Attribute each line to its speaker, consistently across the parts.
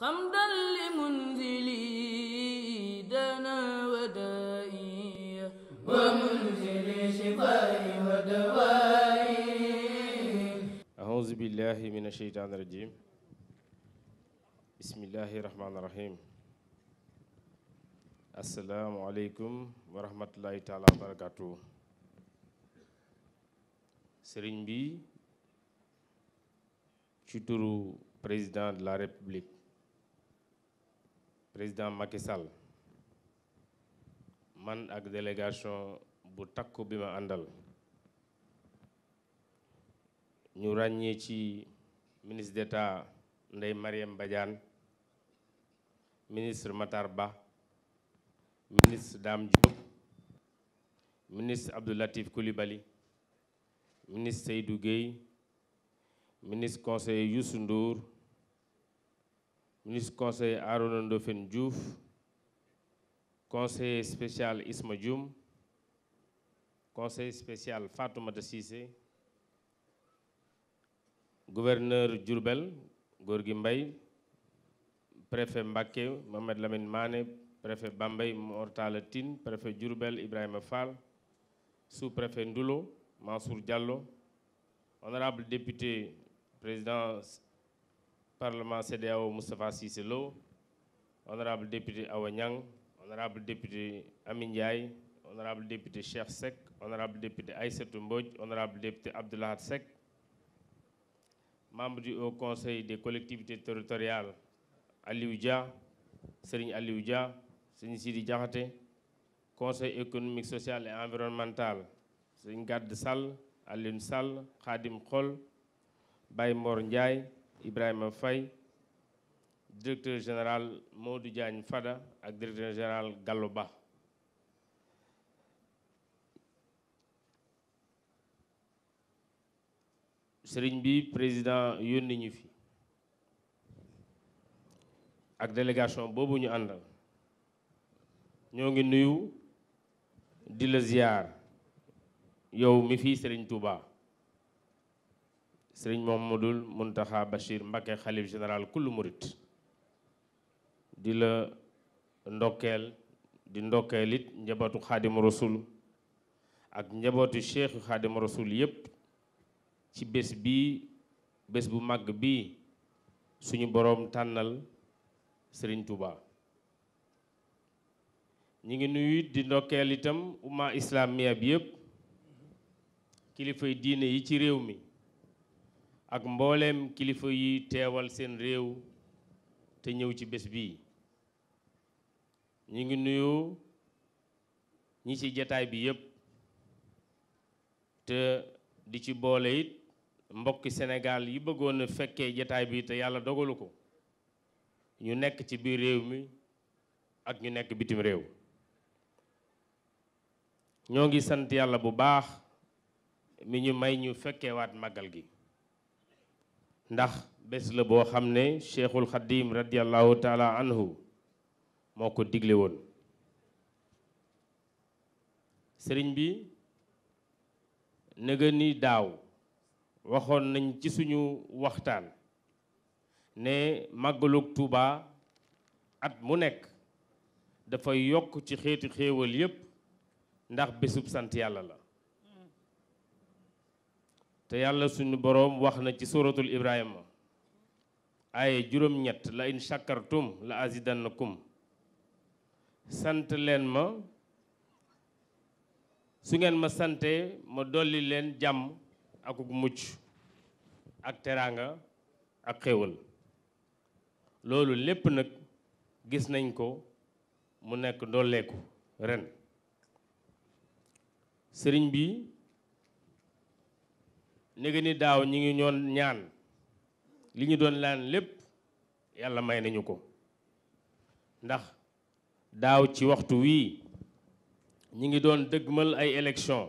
Speaker 1: حمدا لمنزلي دنا ودائي ومنزل شفائي ودوائي أعوذ بالله من الشيطان الرجيم بسم الله الرحمن الرحيم السلام عليكم ورحمة الله تعالى وبركاته سرين بي ci turu président de la république président Macky Sall man ak délégation bu takku bi ma àndal ñu ràññee ci ministre d'État Ndeye Mariam Badiane ministre matarba Ba ministre Dame Diop ministre Abdou Latif Coulibaly ministre Seydou Guèye ministre conseiller Youssou Ndour ministre Conseil, Aron Ndofène Diouf conseiller spécial Isma Djoum, conseiller spécial Fatou Cissé gouverneur Djurbel, Gorgui Mbaye préfet Mbake Mohamed Lamine Mane. préfet Bambey Mortaletin, préfet Djurbel Ibrahim Fall sous-préfet Ndoulo Mansour Diallo honorable député président Parlement CDAO Moustapha Cissé honorable député Awanyang, honorable député Amin Ndiaye, honorable député Cheikh Sek, honorable député Aïssatou Mbodj, honorable député Abdullah Sek, membre du Haut Conseil des collectivités territoriales Aliouja, Serigne Alioudia, Serigne Sidi Conseil économique, social et environnemental Serigne Gad Sal, Alioune Khadim Khol, Baye Mor Ndiaye Ibrahim Faye directeur général Modou Diagne Fada et directeur général Galoba, Serigne président yónni fi ak délégation boobu ñu Nous ñoo ngi nuyu di Touba sëriñ Mouhamadoul Mountakha Bachir Mbacké xalif général kullu murit di la ndokkeel di ndokkeel it njabootu xaadimu rasul ak njabootu cheikh xaadimu rasul yépp ci bés bii bés bu màgg bii suñu boroom tànnal sëriñ Touba ñi ngi nuyu di ndokkeel itam umma islamiya bi yépp kilifay diine yi ci réew mi ak mbooleem kilifa yi teewal seen réew te ñëw ci bés bii ñu ngi nuyu ñi ci jataay bi yépp te di ci boole it mbokki Sénégal yi bëggoon a fekkee jataay bii te yàlla dogalu ko ñu nekk ci biir réew mi ak ñu nekk bitim réew ñoo ngi sant yàlla bu baax mi ñu may ñu fekkeewaat màggal gi ndax bés la boo xam ne cheikhul xadim radiallahu taala anhu moo ko digle woon sëriñ bi nega ni daaw waxoon nañ ci suñu waxtaan ne màggalug Tuuba at mu nekk dafa yokk ci xeetu xéewal yépp ndax bésub sant yàlla la te yàlla sunu boroom wax na ci suratul ibrahima aye juróom-ñett la in shakartum la azidannakum sant leen ma su ngeen ma sante ma dolli leen jàmm ak mucc ak teraanga ak xéwal loolu lépp nag gis nañ ko mu nekk dolleeku ren sëriñ bi néega daaw ñi ngi ñoon ñaan li ñu doon laan lépp yàlla may nañu ko ndax daaw ci waxtu wii ñi ngi doon dëgmal ay élection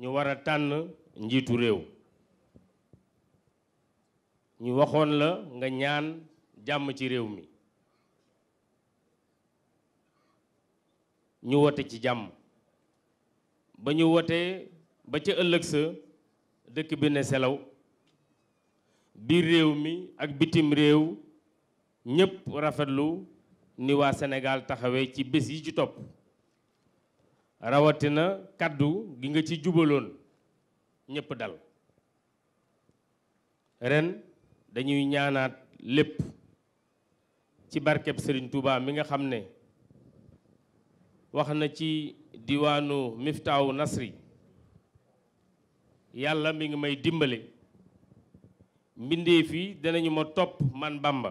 Speaker 1: ñu war a tànn njiitu réew ñu waxoon la nga ñaan jàmm ci réew mi ñu wote ci jàmm ba ñu wotee ba ca ëllëg sa dëkk bi ne selaw biir réew mi ak bitim réew ñépp rafetlu ni waa Sénégal taxawee ci bés yi ci topp rawatina kàddu gi nga ci jubaloon ñépp dal ren dañuy ñaanaat lépp ci barkeb Serigne Touba mi nga xam ne wax na ci diwaanu Miftaawu Nasri yalla mi ngi may dimbalé mbindeef fi dinañu ma top man Bamba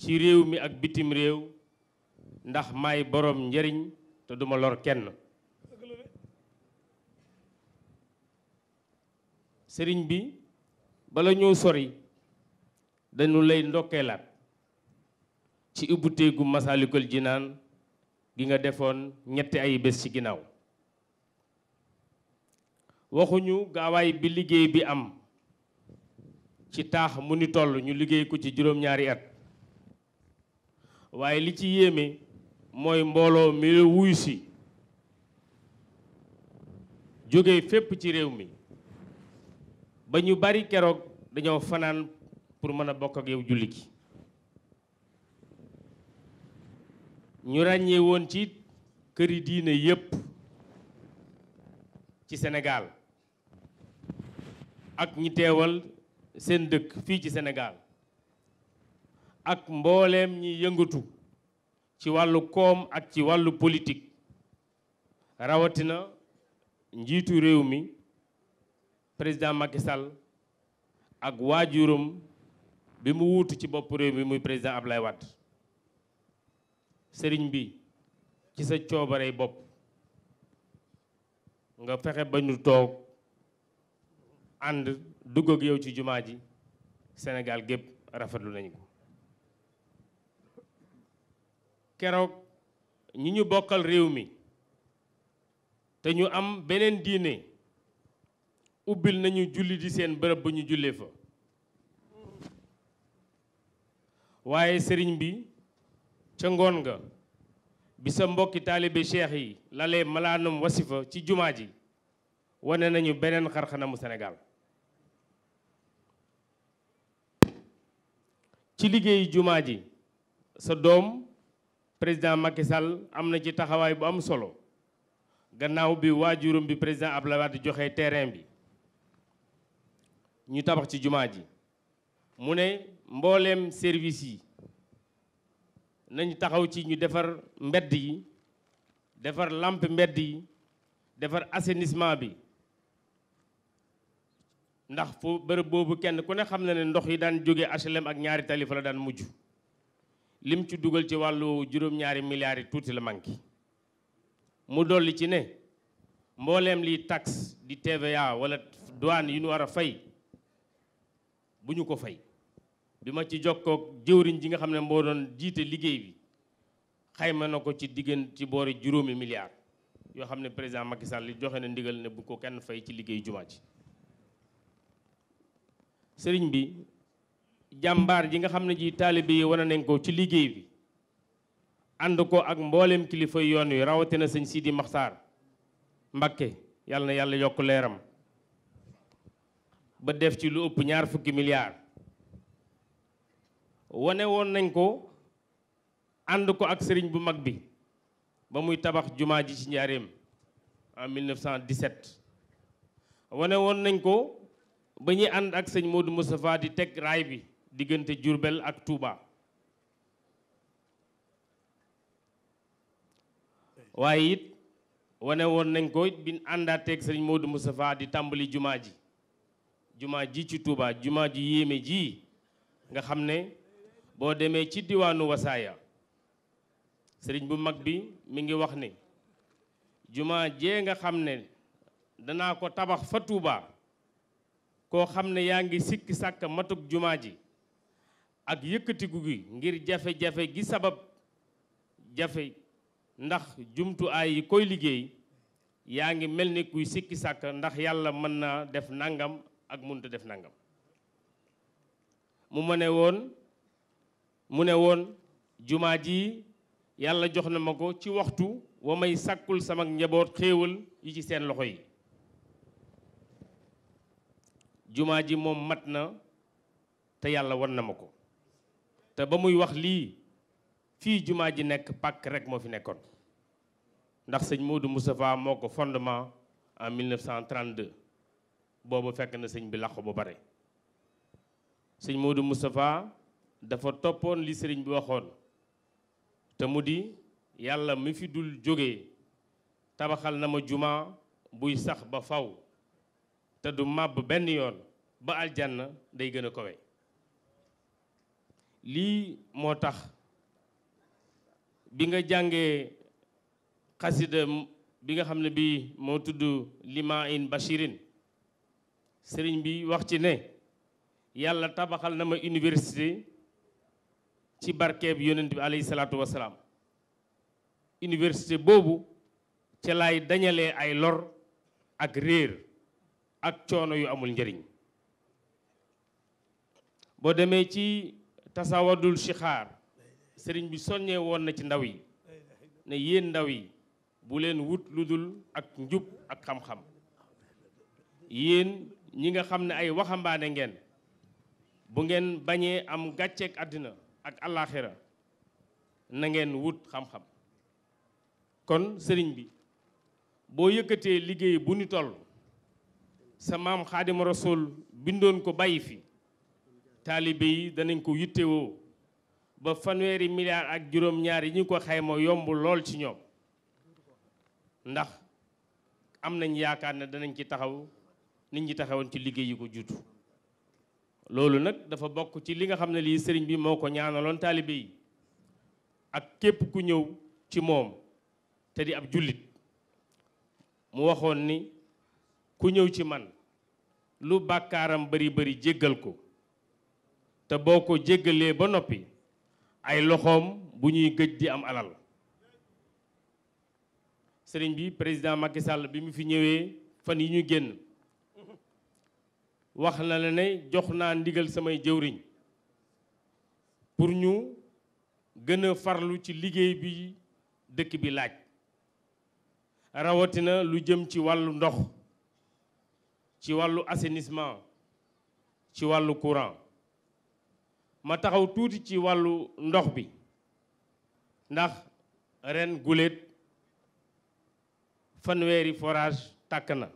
Speaker 1: ci réew mi ak bitim réew ndax may borom njariñ te duma lor kenn sëriñ bi bala ñoo sori dañu lay lat ci gu masalikul jinan gi nga defoon ñetti ay bes ci ginaaw ñu gaway bi liggey bi am ci tax mu ni tollu ñu liggey ku ci juroom ñaari at waye li ci yeme moy mbolo mi la joge si ci rew mi ba ñu bari dañoo fanan pour mëna bokk ak yow julli ñu won ci kër diine yépp ci Sénégal ak ñi teewal seen dëkk fii ci senegaal ak mbooleem ñi yëngatu ci wàllu koom ak ci wàllu politik rawatina njiitu réew mi président Macky Sall ak waajuram bi mu wuutu ci bopp réew mi muy président Ablaye wat sëriñ bi ci sa coobarey bopp nga fexe ba ñu toog ànd dugg yow ci jumaa ji Sénégal gépp rafetlu nañu ko keroog ñi ñu bokkal réew mi te ñu am beneen diine ubbil nañu julli di seen bërëb bu ñu jullee fa waaye sëriñ bi ca ngoon nga bi sa mbokki taalibe cheikh yi lalee malaanum wasifa ci jumaa ji wane nañu beneen xarxanamu Sénégal ci liggéey jumaa ji sa doom président Macky am na ci taxawaay bu am solo gannaaw bi waajurum bi président Abdoulaye Wade joxe terrain bi ñu tabax ci jumaa ji mu ne mbooleem service yi nañ taxaw ci ñu defar mbedd yi defar lampe mbedd yi defar assainissement bi ndax foo bërëb boobu kenn ku ne xam na ne ndox yi daan jóge HLM ak ñaari tali la daan mujj lim ci dugal ci wàllu juróom-ñaari milliards yi tuuti la manqué mu dolli ci ne mbooleem liy taxe di TVA wala douane yu ñu war a fay bu ñu ko fay bi ma ci jokkoog jëwriñ ji nga xam ne moo doon jiite liggéey bi xayma na ko ci diggante ci boori juróomi milliards yoo xam ne président Macky Sall li joxe na ndigal ne bu ko kenn fay ci liggéey jumaa ji sëriñ bi jàmbaar ji nga xam ne ji taalibe yi wane nañ ko ci liggéey bi ànd ko ak mbooleem kilifa yoon wi rawatina sëñ Sidi Maxtaar Mbakke yàlla na yàlla yokk leeram ba def ci lu ëpp ñaar fukki milliards wane woon nañ ko ànd ko ak sëriñ bu mag bi ba muy tabax jumaa ji ci njaareem en 1917 wane woon nañ ko ba ñuy ànd ak sëñ Modou Moustapha di teg raay bi diggante Diourbel ak Touba waaye it wane woon nañ ko bi àndaateeg sëñ Modou Moustapha di tàmbali jumaa ji jumaa ji ci Touba jumaa ji yéeme ji nga xam ne boo demee ci diwaanu wasaaya sëriñ bu mag bi mi ngi wax ni jumaa jee nga xam ne danaa ko tabax fa Touba koo xam ne yaa ngi sikki sàkk matuk jumaa ji ak yëkkatigu gi ngir jafe-jafe gi sabab jafe ndax jumtuwaay yi koy liggéey yaa ngi mel ni kuy sikki sàkk ndax yàlla mën naa def nangam ak mënut def nangam mu mëne woon mu ne woon jumaa ji yàlla jox na ma ko ci waxtu wa may sàkkul sama njaboot xéewal yi ci seen loxo yi jumaa ji moom mat na te yàlla wan na ma ko te ba muy wax lii fii jumaa ji nekk pàkk rek moo fi nekkoon ndax sëñ Modou Moustapha moo ko fondement en 1932 boobu fekk na sëñ bi làqu bu bare sëñ Modou Moustapha dafa toppoon li sëriñ bi waxoon te mu di yàlla mi fi dul jóge tabaxal na ma jumaa buy sax ba faw te du màbb benn yoon ba aljanna day gën a kowe lii moo tax bi nga jàngee xasida bi nga xam ne bii moo tudd lima in bashirin sëriñ bi wax ci ne yàlla tabaxal na ma université ci barkeeb yonent bi alayhi salaatu wasalaam université boobu ca lay dañalee ay lor ak réer ak coono yu amul njëriñ boo demee ci tasawadul shixaar sëriñ bi soññee woon na ci ndaw yi ne yéen ndaw yi bu leen wut lu dul ak njub ak xam-xam yéen ñi nga xam ne ay waxambaane ngeen bu ngeen bañee am gàcceeg àddina ak àllaaxira na ngeen wut xam-xam kon sëriñ bi boo yëkkatee liggéey bu ni toll sa maam xaadima rasul bindoon ko bàyyi fi taalibe yi danañ ko yittewoo ba fanweeri milliards ak juróom-ñaar yi ñu ko xayma yomb lool ci ñoom ndax am nañ yaakaar ne danañ ci taxaw nit ñi taxawoon ci liggéey yi ko juutu loolu nag dafa bokk ci li nga xam ne lii sëriñ bi moo ko ñaanaloon taalibe yi ak képp ku ñëw ci moom te di ab jullit mu waxoon ni ku ñëw ci man lu bàkkaaram bari bari jéggal ko te boo ko jéggalee ba noppi ay loxoom bu ñuy gëj di am alal sëriñ bi président Macky bi mu fi ñëwee fan yi ñu génn wax na la ne jox naa ndigal samay jëwriñ pour ñu gën a farlu ci liggéey bi dëkk bi laaj rawatina lu jëm ci wàllu ndox ci wàllu assainissement ci wàllu courant ma taxaw tuuti ci wàllu ndox bi ndax ren guléet fanweeri forage tàkk na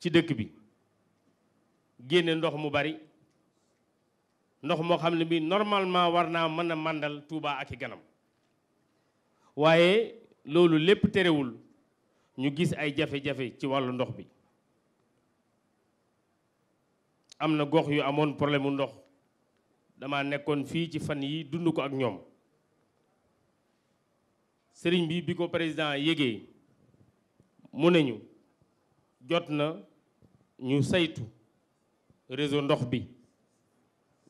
Speaker 1: ci dëkk bi génne ndox mu bari ndox moo xam ne bi normalement war naa mën a màndal Touba ak i ganam waaye loolu lépp terewul ñu gis ay jafe-jafe ci wàllu ndox bi amna gox yu amone problème ndox dama nekkone fi ci fan yi dund ko ak ñom serigne bi biko président yégee mu jotna ñu saytu réseau ndox bi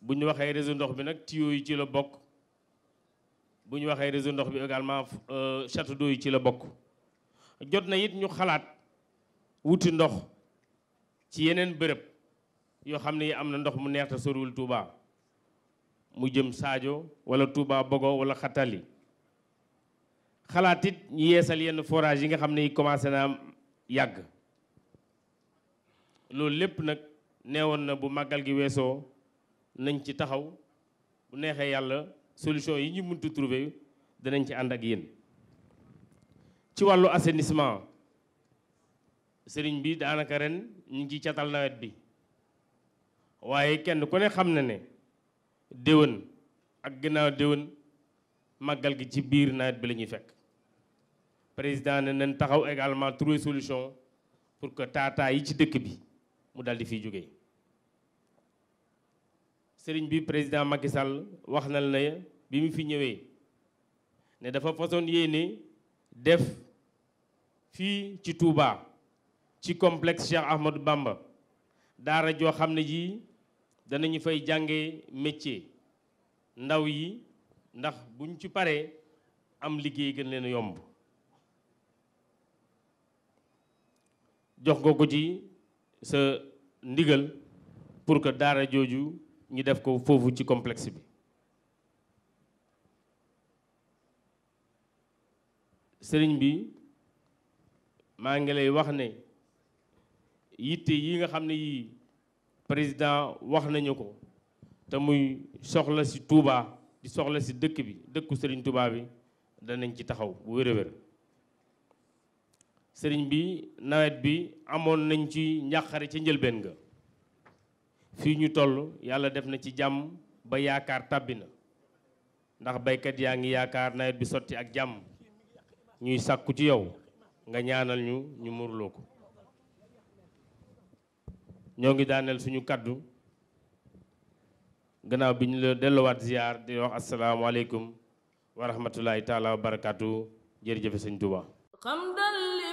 Speaker 1: bu ñu réseau ndox bi nak tiyo yi ci la bok bu ñu réseau ndox bi également euh, château d'eau yi ci la bok jotna yit it ñu xalaat wuti ndox ci yenen bërëb yoo xam ne am na ndox mu neex te soriwul Touba mu jëm saajo wala Touba Bogo wala Xatali xalaat it ñu yeesal yenn forage yi nga xam ne yi commencé naa yàgg loolu lépp nag neewoon na bu màggal gi weesoo nañ ci taxaw bu neexee yàlla solution yi ñu mëntu trouver danañ ci ànd ak yéen ci wàllu assainissement sëriñ bi daanaka ren ñu ngi ci catal nawet bi waaye kenn ku xam na ne déwén ak ginnaaw déwén màggal gi ci biir nawet bi lañuy fekk président ne nañ taxaw également trouver solution pour que taataa yi ci dëkk bi mu dal di fiy jógee sëriñ bi président Macky Sall wax na la ne bi mu fi ñëwee ne dafa façon yéene def fii ci tuubaa ci complexe Cheikh Ahmadou Bamba daara joo xam ne ji danañu fay jànge métier ndaw yi ndax buñ ci paree am liggéey gën leen yomb jox nga ko ci sa ndigal pour que daara jooju ñu def ko foofu ci complexe bi sëriñ bi maa ngi lay wax ne yitte yi nga xam ne yii président wax nañu ko te muy soxla si Touba di soxla si dëkk bi dëkku Serigne Touba bi nañ ci taxaw bu wéré wér bi nawet bi amon nañ ci njàqare ca njëlbeen nga fi ñu toll yalla def na ci jamm ba yaakar tabina na ndax baykat yaangi yaakar nawet bi sotti ak jamm ñuy sakku ci yow nga ñaanal ñu ñu murlo ko ñoo ngi daaneel suñu kàddu gannaaw bi ñu la delluwaat ziar di wax asalaamaaleykum wa rahmatulahi taala wa barakaatu jërëjëfe sëñ Tuba xamdan